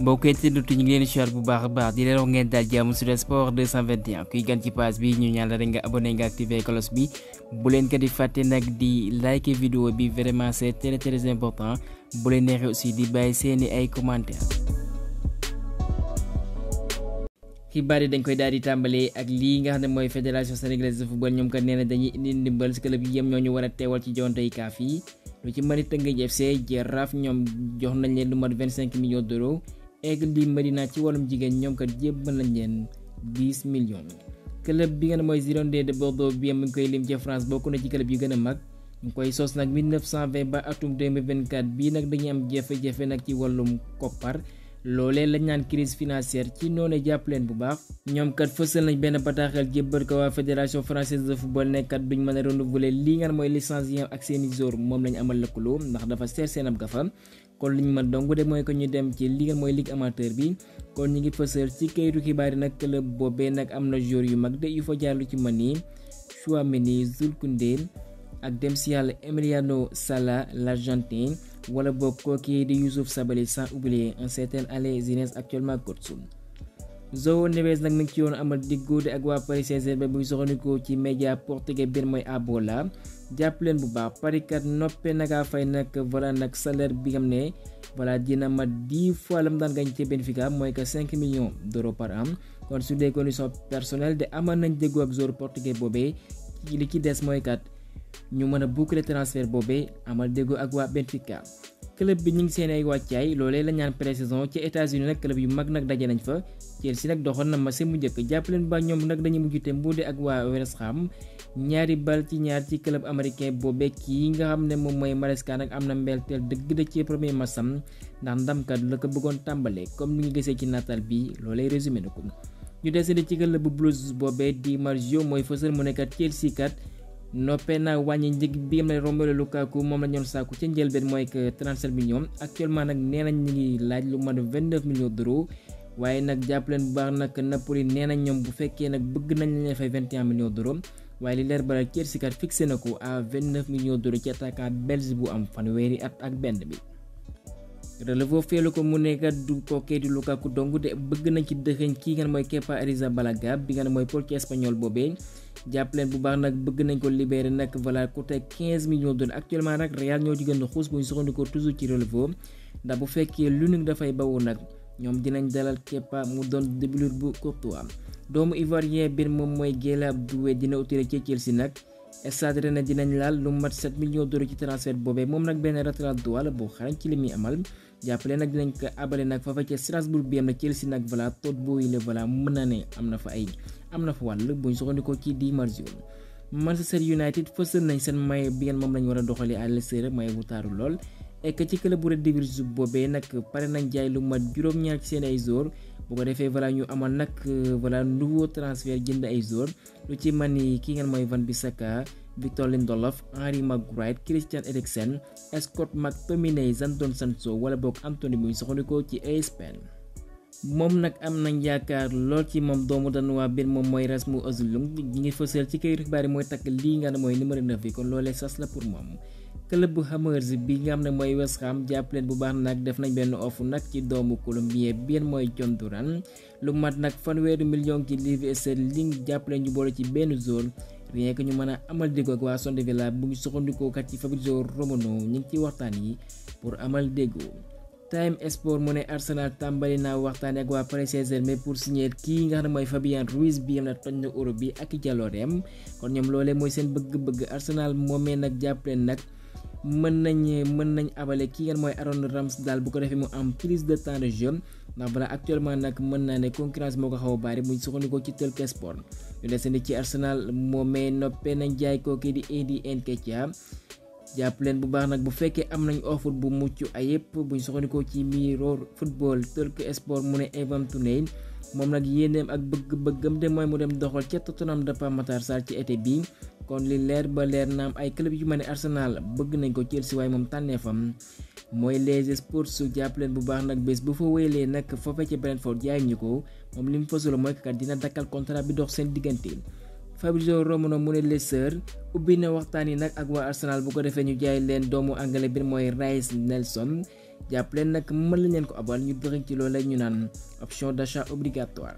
mbokk internaute ñu ngi leen di bu baax baax di leen wax ngeen daal Sport 221 kuy gan ci page bi ñu ñaan la rek nga abonné nga activé cloche bi bu leen ko di fàtte nag di like vidéo bi vraiment c'est très très important bu leen neexee aussi di bàyyi seeni ay commentaires. xibaar yi dañ koy daal di tàmbalee ak lii nga xam ne mooy fédération sénégalaise de football ñoom kat nee na dañuy indi ndimbal si club yi yem ñoo ñu war a teewal ci jonte yi kaaf yi lu ci mën a FC ñoom jox nañ leen lu 25 millions aigle di Medina ci wàllum jigéen ñoom kat jébbal nañ leen 10 millions. club bi nga ne mooy Girondins de Bordeaux bi mu ngi koy lim ci France bokk na ci club yu gën a mag ñu koy sos nag 1920 ba atum 2024 bii nag dañuy am jafe-jafe nag ci wàllum koppar. loolee lañ naan kiris financière ci noonu jàpp leen bu baax ñoom kat fësal nañ benn bataaxal jébbal ko waa fédération française de football nekkat duñ mën a renouveler li nga mooy licence yi ak seeni joueur moom lañ amal lëkkaloo ndax dafa seer seen am gafa kon li ñu mën donc de mooy ko ñu dem ci li mooy ligue amateur bi kon ñu ngi fësal ci kayitu xibaar yi nag club boobee nag am na joueur yu mag de yu fa jaar lu ci mën ni Chouameni Zulkoundé ak dem si yàlla Emiliano Sala l'Argentin wala boog kooki di Youssouf Sabaly sans oublier un certain Alé Zinès actuellement coach João Neves nag mi ngi ci yoon amal diggóode ak waa Paris Saint-Germain bu ñu soxandikoo ci média portugais benn mooy abola jàpp leen bu baax parikat noppee naka fay nag voilà nag salaire bi nga xam ne voilà dina mat dix fois lam daan gañ ci Benfica mooy que cinq millions d'euros par am kon sur des conditions personnelles de amal nañ déggoo ak joueur portugais boobee li ci des mooy kat. ñu mëna boucler transfert bobé amal dégo ak wa Benfica club bi ñi ngi seen ay waccay lolé la ñaan pré-saison ci États-Unis nak club yu mag nak dajé nañ fa Chelsea nak doxon na ma mu japp leen ba ñoom nag dañuy té mbuude ak wa West Ham ñaari bal ci ñaar ci club américain bobé ki nga xamné ne moy Maresca nak am na mbelteel dëgg da ci premier masam ndax ndamkat la ko bëggon tambalé comme ni ngi gëssé ci natal bi lolé résumé na ñu déssé ci club Blues bobé di Marzio moy fësel mu nekkat Chelsea kat noppee naa wàññi njëg bi nga xam ne Romelu Lukaku moom la ñoon sàkku ci ndjel ben moy que 37 millions actuellement nak nenañ ñi ngi laaj lu mat 29 millions d'euros nak japp leen bu baax nak Napoli nenañ ñom bu fekkee nak bëgg nañ leen fay 21 millions d'euros waye li leer balal Chelsea kat fixé nako à 29 millions d'euros ci attaquant belge bu am fan wéri at ak ben bi. Relevo feelu ko mu nekkat du kookee di Lukaku dongu de bëgg nañ ci dexeñ ki nga mooy Kepa Arrizabalaga bi nga moy pôle espagnol bobé jàppaleen bu baax nag bëgg nañ ko libérer nag voilà côté 15 millions de dollars actuellement nag Real ñoo ci gën a xuus bu ñu soxandikoo toujours ci relevo ndax bu fekkee lu nag dafay bawoo nag ñoom dinañ dalal Kepa mu doon doublure bu Courtois doomu ivoirien biir moom mooy Guéla Doué dina utile ci Chelsea nag stade Rennais dinañ laal lu mat 7 millions d'euros ci transfert boobee moom nag benn latéral droit la boo xarañ ci li muy amal jàppale nag dinañ ko abale nag fafa ca Strasbourg bi am na Chelsea nag voilà tot booyi la voilà mën na ne am na fa ay am na fa wàll buñ soxandikoo ci Di Marzio seen United fësal nañ seen maye bi ngeen moom lañ war a doxalee à l'extérieur maye bu taaru lool et que ci club bu Red Devils boobee nag pare nañ jaay lu mat juróom-ñaar ci seen ay joueurs bu ko defee voilà ñu amal nag voilà nouveau transfert jënd ay joueurs lu ci man ni ki ngeen mooy Wan-Bissaka Victor Lindelof Henry Maguire Christian Eriksen Scott McTominay Jadon Sancho wala boog Anthony bu ñu soxandikoo ci ESPN moom nag am nañ yaakaar lool ci moom doomu danuwaa biir moom mooy Rasmus Özilung ñi ngi fësal ci këy xibaar yi mooy takk lii nga ne mooy numéro 9 bi kon loolee sas la pour moom club bu Hammers bi nga xam ne mooy wes Ham jàppaleen bu baax nag def nañ benn offre nag ci doomu bi bien mooy John ran lu mat nag fanweeri million ci livre sterling jàppaleen ñu boole ci benn zone rien que ñu mën a amal déggoo ak waa Aston Villa bu ñu soxandikoo kat ci Fabrizio Romano ñu ngi ci waxtaan yi pour amal déggoo Time Sport mu ne Arsenal tàmbali naa waxtaan ak waa Paris Saint-Germain pour signer kii nga xam ne mooy Fabien Ruiz bi yam na toj na Europe bi ak jaloreem kon ñoom loolee mooy seen bëgg-bëgg Arsenal moomee nag jàppale nag mën nañ mën nañ abale kii nga mooy Aaron daal bu ko defee mu am plus de temps de jeu ndax balaa actuellement nag mën naa ne concurrence moo ko xaw a bari muy sukkandikoo ci Talk Sport ñu desandi ci Arsenal moomee noppee nañ jaay kooku di Eddie Nketiah jàpp bu baax nag bu fekkee am nañ offre bu mucc ayib buñ soxandikoo ci Mirror Football Turk Sport mu ne Ivan Tounay moom nag yéeneem ak bëgg-bëggam de mooy mu dem doxal ca Tottenham de Pape Matar Sarr été bi kon li leer ba leer naam ay club yu ma ne Arsenal bëgg nañ ko Chelsea waaye moom tànneefam mooy les sports su jàpp leen bu baax nag bés bu fa wéyalee nag foofee ca Brentford jaay ñu ko moom li mu fësula mooy kat dina dakkal contrat bi dox seen diggante. Fabrizio Romano mu ne les sœurs ubbi na waxtaan yi nag ak waa Arsenal bu ko defee ñu jaay leen doomu anglais bi mooy Reiss Nelson jàpp leen nag mën la leen ko abal ñu dëxëñ ci loolee ñu naan option d'achat obligatoire.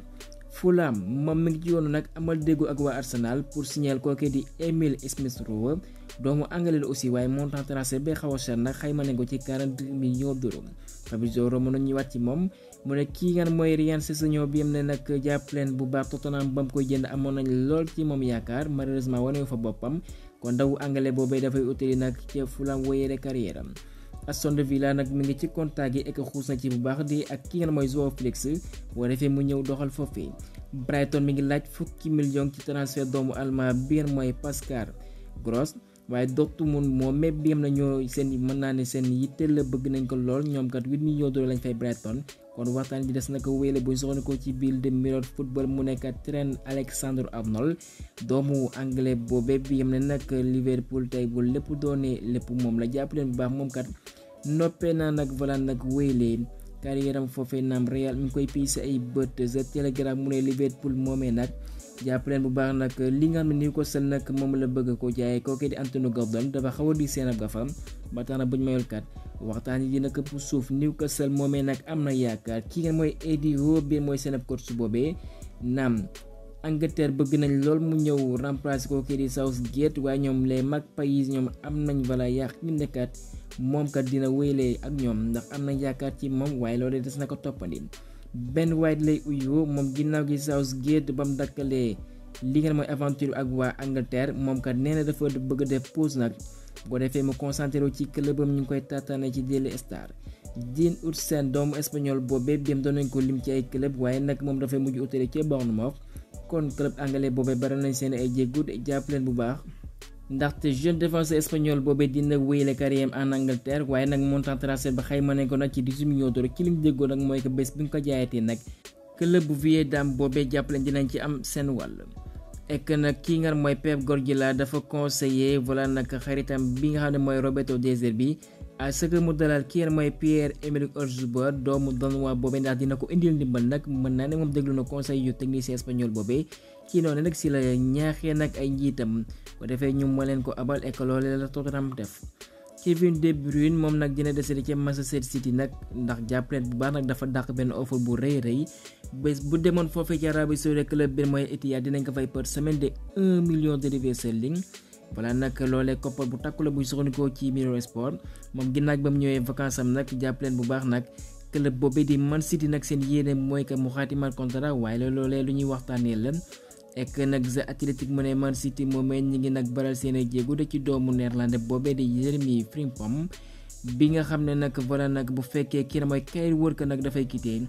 Fulham moom mi ngi ci yoonu nag amal déggoo ak waa Arsenal pour signaler kooku di Emile Smith Rowe doomu anglais la aussi waaye montant transfert bi xaw a cher nag xayma nañ ko ci 42 millions d'euros Fabrizio Romano ñu ñëwaat ci moom mu ne kii nga mooy Ryan Sessegnon bi am ne nag jàpp leen bu baax Tottenham ba mu koy jënd amoon nañ lool ci moom yaakaar malheureusement wane fa boppam kon ndawu anglais boobee dafay utali nag ca Fulham wéyale carrière am Aston Villa nag mi ngi ci contact yi ek xuus na ci bu baax di ak ki ngeen mooy Joao Félix boo defee mu ñëw doxal foofee Brighton mi ngi laaj fukki million ci transfert doomu allemand bi ngeen mooy Pascal Gross waaye Dortmund moom mépp bi am na ñoo seen mën naa ne seen yitte la bëgg nañ ko lool ñoom kat 8 millions d'euros lañ fay Brighton kon waxtaan bi des na ko wéyale bu ñu soxla ko ci biir de Mirror football mu nekk Trent Alexander-Arnold doomu anglais boobee bi yam ne nag Liverpool tey bu lépp doone lépp moom la jàpp leen bu baax moom kat noppee naa nag valaan nag wéyale carrière am foofee naam Real mi ngi koy piis ay bët The Telegraph mu ne Liverpool moomee nag. jàpp bu baax nag li nga xam ko Newcastle nag moom la bëgg ko jaayee kooku di Anthony Gordon dafa xaw a di seen ab gafam ba tax na buñ mayul kat waxtaan yi nag pour suuf Newcastle moomee nag am na yaakaar ki ngeen mooy Eddie Howe bi mooy seen ab su boobee naam. Angleterre bëgg nañ lool mu ñëw remplacer ko kii di Southgate waaye ñoom les Magpies ñoom am nañ bala yàq ñu nekkat moom kat dina wéylee ak ñoom ndax am na yaakaar ci moom waaye loolu des na ko toppandi Ben White lay uyoo moom ginnaaw gi Southgate ba mu dakkalee li ngeen mooy aventure ak waa Angleterre moom kat nee na dafa bëgg def pause nag boo ko defee mu concentré ci clubam ñu ngi koy tataane ci Daily Star. ut seen doomu espagnol boobe dem doon nañ ko lim ci ay club waaye nag moom dafay mujj utale ca Bournemouth kon club anglais boobee bari nañ seen ay jéego jàpp leen bu baax. ndaxte jeune défenseur espagnol boobee dina wéyale carrière en Angleterre waaye nag montant transfert ba xayma nañ ko nag ci 18 millions d'euros ci li ñu déggoon nag mooy que bés bi nga ko jaayatee nag club bu Vieille Dame boobee jàppale dinañ ci am seen wàll. ek nag kii nga mooy Pep Guardiola dafa conseiller voilà nag xaritam bi nga xam ne mooy Roberto Deserbi sëkër mu dalal ki yéen mooy Pierre Emerick Orzabal doomu wa boobee ndax dina ko indil ndimbal nag mën naa ne moom déglu na conseil yu technicien espagnol boobee ki noonu nag si la ñaaxee nag ay njiitam bu defee ñu ma leen ko abal et que loolee la Tottenham def. Kevin De Bruyne moom nag dina desali ci Manchester City nag ndax jàppale bu baax nag dafa dàq benn offer bu rëy rëy bés bu demoon foofee ci ya Arabie Saoudite club bi mooy Etihad dinañ ko fay par semaine de 1 million de livres sterling. voilà nag loole koppar bu takku la buy sukkandikoo ci Mirror Sport moom ginnaaw ba mu ñëwee vacance am nag jàpp leen bu baax nag club boobee di Man City nag seen yéene mooy que mu xaatimaat contrat waaye la loolee ñuy waxtaanee la nag The Athletic mu ne Man City moomee ñu ngi nag baral seen ay jéego de ci doomu néerlandais boobee di Jérémy Frimpong bi nga xam ne nag voilà nag bu fekkee kii na mooy Kyle Walker nag dafay quitté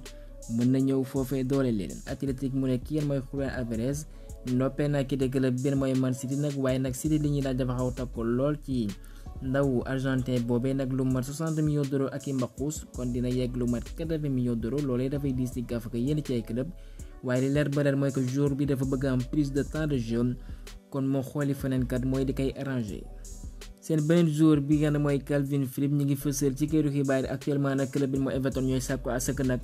mën na ñëw foofee doole leen Athletic mu ne ki kii mooy Julián Álvarez noppee na ki club bi mooy Man City nag waaye nag City li ñuy laaj dafa xaw tap ko lool ci ndaw argentin boobee nag lu mat 60 millions d'euros ak i mbaquus kon dina yegg lu mat 80 millions d'euros loolee dafay diis ci gàff ko yenn ci ay waaye li leer ba leer mooy que jour bi dafa bëgg am plus de temps de jeu kon moo xooli feneen mooy di koy arrangé. seen beneen jour bi nga ne mooy Calvin Phillips ñu ngi fësal ci këru xibaar actuellement nag club nag.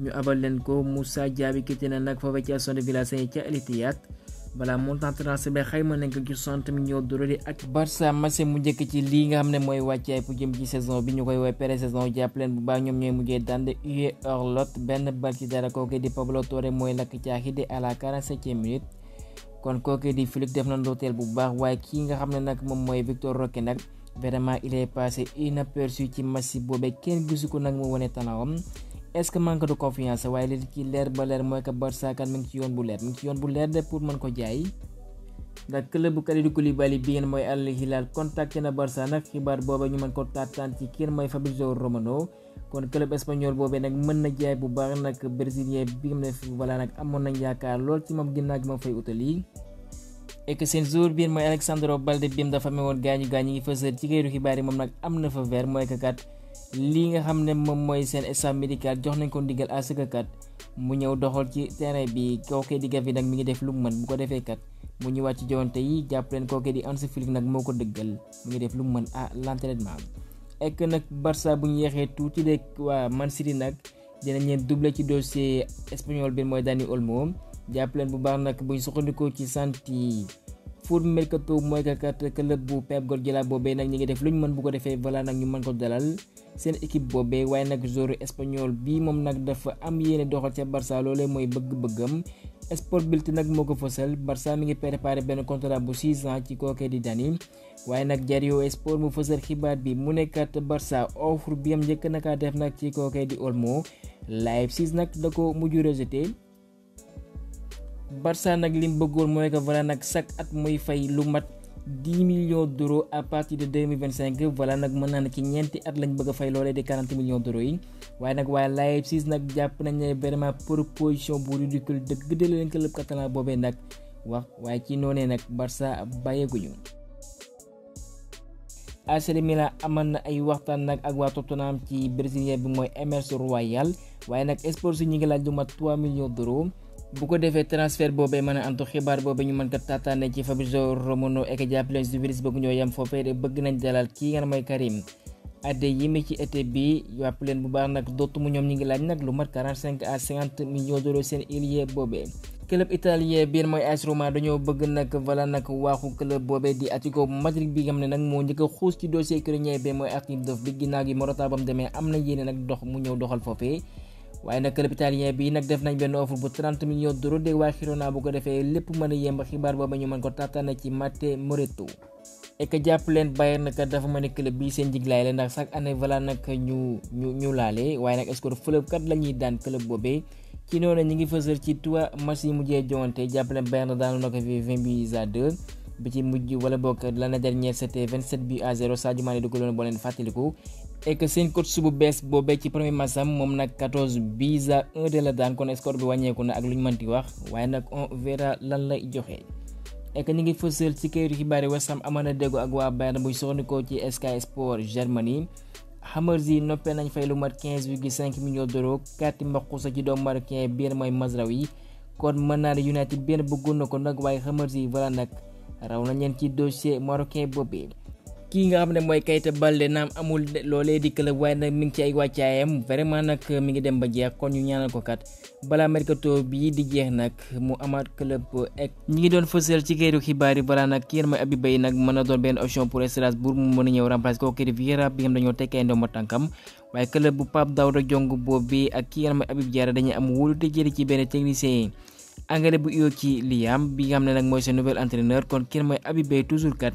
ñu abal leen ko Moussa Diaby ki na nak foofee ya ci Aston Villa sañe ca Al Ittihad voilà montant transfert bi xayma nañ ko ci 60 millions d'euros ak Barça massé mu jëk ci li nga xam moy mooy ay pu jëm ci saison bi ñukoy koy pré saison japp leen bu ba ñom ñoy mujjé dande UE Orlot ben bal ci dara kooku di Pablo Torre mooy lakk caaxi di à la 47e minute kon kooku di Flick def na ndotel bu baax way ki nga xam nak mom moy Victor Roque nak vraiment il est passé inaperçu ci match bobé kenn gisu ko mu woné talawam Eskeman ko de confiance way ya li ki leer ba leer moy que Barça kan mi ngi ci yoon bu leer mi ngi ci yoon bu leer de pour man ko jaay ya, ya, da club bu Kalidou Koulibaly bi ngeen moy Al Hilal contact na Barça nak xibar bobu ñu man ko taataan ci kenn moy Fabrizio Romano kon club espagnol boobee nak mën na jaay bu baax nak brésilien bi nga ne wala nak amon nañ yaakar lool ci mom ginnaaw gi ma fay outali et que seen jour bien moy Alexandro Balde bi mu dafa won gañu gañu ngi feuseur ci këru xibaar yi moom nag am fa ver moy que kat lii nga xam ne moom mooy seen staff jox nañ ko ndigal à ce kat mu ñëw doxal ci terrain bi kookee di Gavi nag mi ngi def lu mu mën bu ko defee kat mu ñëwaat ci joŋante yi jàpp leen kookee di Hansi Flick nag moo ko dëggal mu ngi def lu mu mën à l'entraînement ek nag Barça bu ñu yeexee tuuti rek waa Man City nag dinañ leen doublé ci dossier espagnol bi mooy Dani Olmo jàpp leen bu baax nag bu ñu sukkandikoo ci santi pour mercato moy ka kat club bu Pep Guardiola bobé nak ñi ngi def luñ mën bu ko défé wala nak ñu mën ko dalal seen équipe bobé way nak joueur espagnol bi mom nak dafa am yene doxal ci Barça lolé moy bëgg-bëggam sport bilt nak moko fossel Barça mi ngi préparer ben contrat bu 6 ans ci koké di Dani waaye nak Diario Sport mu fossel xibaat bi mu kat Barça offre bi am njëkk naka def nak ci koké di Olmo Leipzig nag da ko mujj rejeté Barça nag lim bëggoon mooy que wala nag sak at muy fay lu mat 10 millions d'euros à partir de 2025 voilà nag mën naa ne ci ñeenti at lañ bëgg a fay loolee di 40 millions d'euros yi waaye nag waaye Leipzig nag jàpp nañ ne vraiment proposition bu ridicule dëgg de leen club catalan boobee nag wax waaye ci noonee nag Barça bàyyeeguñu. AC Milan amoon na ay waxtaan nag ak waa Tottenham ci brésilien ya bi mooy Emerson Royal waaye nag sport si ñi ngi laaj lu mat 3 millions d'euros bu ko defee transfert boobee mën a antu xibaar boobee ñu mën ko tataane ci Fabrizio Romano ek Plains du bëgg ñoo yem foofee de bëgg nañ dalal kii nga mooy Karim adde yi ci été bi yàpp leen bu baax nag dootu mu ñoom ñi ngi laaj nag lu mat 45 à 50 millions d'euros seen ilier boobee club italien biir mooy AS Roma dañoo bëgg nag wala nag waaxu club boobee di Atlético Madrid bi am ne nag moo njëkk a xuus ci dossier ukrainien bi mooy Akhnevdov bi ginnaaw gi Morata bam demee am na yéene nag dox mu ñëw doxal foofee waaye nag club italien bi nag def nañ benn offre bu 30 millions d'euros de waa Girona bu ko defee lépp mën a yemb xibaar booba ñu mën ko tàttana ci Matteo Moretto ek jàpp leen Bayern nag dafa mel ni club bi seen jiglaay la ndax chaque année voilà nag ñu ñu ñu laale waaye nag score fleuve kat la ñuy daan club boobee ci noonu ñu ngi fësal ci trois match yi mujjee joŋante jàpp leen Bayern daanu na ko fi 20 buts à 2 bi ci mujj wala bokk l'année dernière c'était 27 buts à et que seen coach bu bees boobee ci premier match am moom nag 14 bis à 1 de la daan kon score bi wàññeeku na ak lu ñu mënti wax waaye nag on verra lan lay joxe. et que ñu ngi fësal ci kayitu xibaar yi West Ham amoon na déggoo ak waa Bayern buy soxnikoo ci Sky Sport Germany Hammers yi noppee nañ fay lu mat 15,5 millions d'euros kàtti mbaqusa ci doomu marocain biir mooy Mazraoui kon mën naa United benn bëggoon na ko nag waaye Hammers yi voilà nag raw na leen ci dossier marocain boobee. kii nga xam ne mooy Keita Baldé naam amul loolee di club waaye nag mi ngi ci ay wàccaayam vraiment nag mi ngi dem ba jeex kon ñu ñaanal ko kat balaa mercato bii di jeex nag mu amaat club ek ñi ngi doon fësal ci këru xibaar yi balaa nag ki yéen mooy Habib Beye nag mën na doon benn option pour Strasbourg mu a ñëw remplacer kooku di Vieira bi nga xam dañoo tekkee ak ki yéen mooy Habib Diarra dañuy am wóolute jëli ci benn technicien yi angale bu ci Liam bi ne nag mooy seen nouvel entraîneur kon ki yéen mooy Habib Beye toujours kat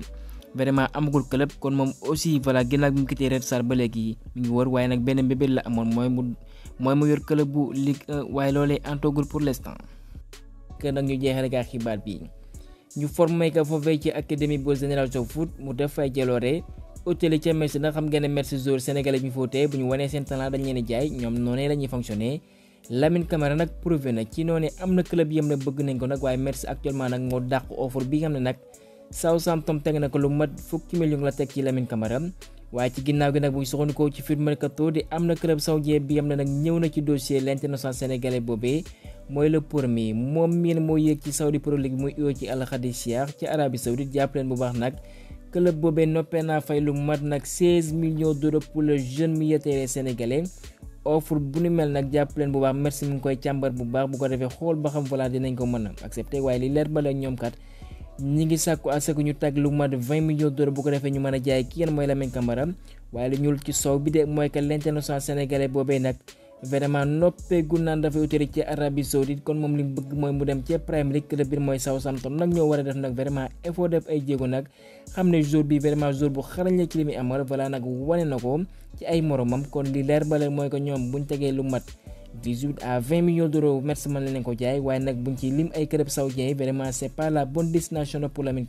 vraiment amagul club kon moom aussi voilà ginnaaw bi mu quitté Red Star ba léegi mi ngi wër waaye nag benn mbébét la amoon mooy mu mooy mu yor club bu Ligue 1 waaye loolee antogul pour l'instant. que nag ñu jeexal ak xibaar bi ñu formé ko foofee ci académie bu Génération Foot mu def fay jaloore hôtel ca Metz nag xam ngeen ne Metz joueur sénégalais bi ñu footee bu ñu wanee seen talent dañ leen jaay ñoom noonu la ñuy fonctionné. Lamine Camara na ci noonu na nag. Southampton teg na ko lu mat fukki million la teg ci Lamine Camara waaye ci ginnaaw gi nag bu ñu sukkandikoo ci firme mercato di am na club saoudien bi am na nag ñëw na ci dossier l'international sénégalais boobee mooy le Pourmi moom miin moo yéeg ci Saudi Pro League muy uyoo ci Al Khadisiyah ci Arabie Saoudite jàpp leen bu baax nag club boobee noppee naa fay lu mat nag 16 millions d'euros le jeune milieu terrain sénégalais offre bu ni mel nag jàpp bu baax merci mu ngi koy càmbar bu baax ko defee xool ba xam voilà dinañ ko mën a accepté waaye ñi ngi sàkku asaka ñu tàgg lu mat 20 millions d'euros bu ko defee ñu mën a jaay ki yan mooy Lamine Camara waaye lu ñuul ci soow bi de mooy que l'international sénégalais boobee nag vraiment noppeegu naan dafay moom li bëgg mooy mu dem ci Premier League club bi mooy Southampton nag ñoo war a def nag vraiment effort def ay jéego nag xam ne jour bi vraiment jour bu xarañ la ci li muy amal voilà nag wane na ko ci ay moromam kon li leer ba leer mooy que ñoom buñ tegee lu mat. 18 à 20 millions d'euros maximum la leen ko jaay waaye nag buñ ci lim ay club saoudien yi vraiment c'est la bonne destination pour Lamine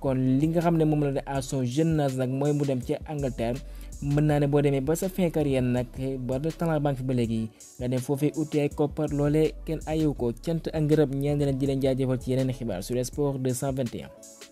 kon li nga xam ne moom la de à son nag mooy mu dem ca Angleterre mën naa ne boo demee ba sa fin carrière nag ba le banque ba léegi nga dem foofee uti ay koppar loolee kenn ayewu ko ak ngërëm ñeen leen di leen jaajëfal ci yeneen xibaar sur le